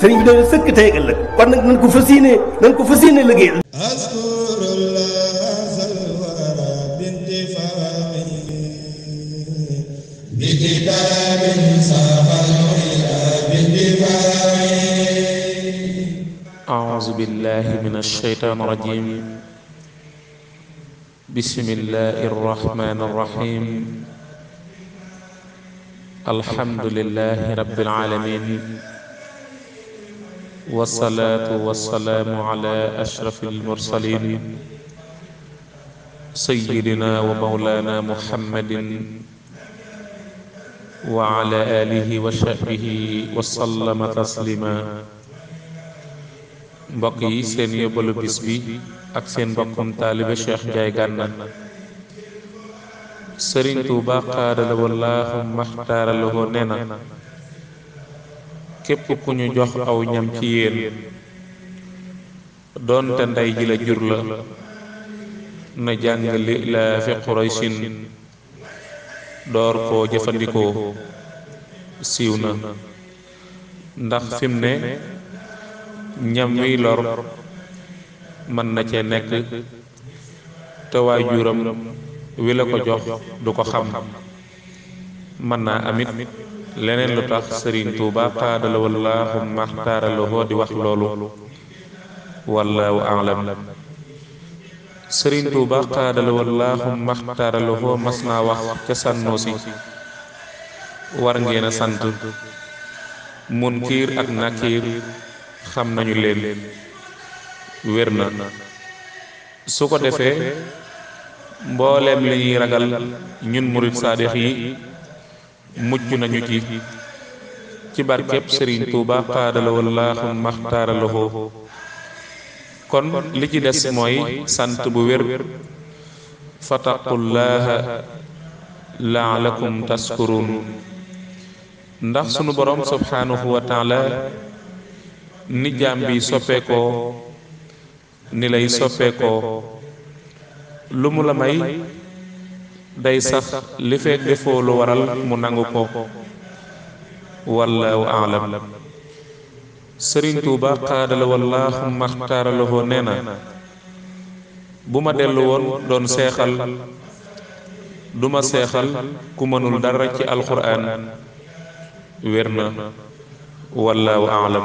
sëriñ bi daal sëkk tey ëllëg kon nag nañ ko fas yéene nañ ko fas yéene liggéeyal أعوذ بالله من الشيطان الرجيم بسم الله الرحمن الرحيم الحمد لله رب العالمين wasalaatu wasalaamu ala ashrafi almursalin sayyidina wa mawlaana muhammadin wa ala aalihi wa sahbihi wa sallama taslima mbokk yi seen yóbbalu bis bi ak seen mbokkum taalibe Cheikh Ndiaye Gana Sëriñ Tuubaa qaadala wallaahu maxtaaralahoo nee na képp ku ñu jox aw ñam ci yéen doonte ndey ji la jur la na jàng li laa fi quraysin door koo jëfandikoo siiw na ndax fi mu ne ñam wiy lor mën na cee nekk te waajuram wi la ko jox du ko xam mën naa amit leneen lu tax sëriñ tuuba xaadala wallaahu maxtaaralahoo di wax loolu wallaahu alam sëriñ tuuba xaadala wallaahu maxtaaralahoo mas naa wax ca sànnoo war ngeen a sant munkiir ak nakiir xam nañu leen wér na su ko defee mbooleem li ragal ñun murit saadix yi mucc nañu ci ci barkeb sëriñ Tuuba xaadala wallaahu maxtaara lahu kon li ci des mooy sant bu wér fattaqullaaha laalakum taskuruun ndax sunu borom subhaanahu wa taala ni jaam bi soppeekoo ni lay soppeekoo lu mu la may day sax li fekk defoo lu waral mu nangu ko wallaahu aalam sëriñ tuuba xaadala wallaahu maxtaaralahoo nee na bu ma dellu woon doon seexal duma seexal ku mënul dara ci alxuraan wér na wallaahu aalam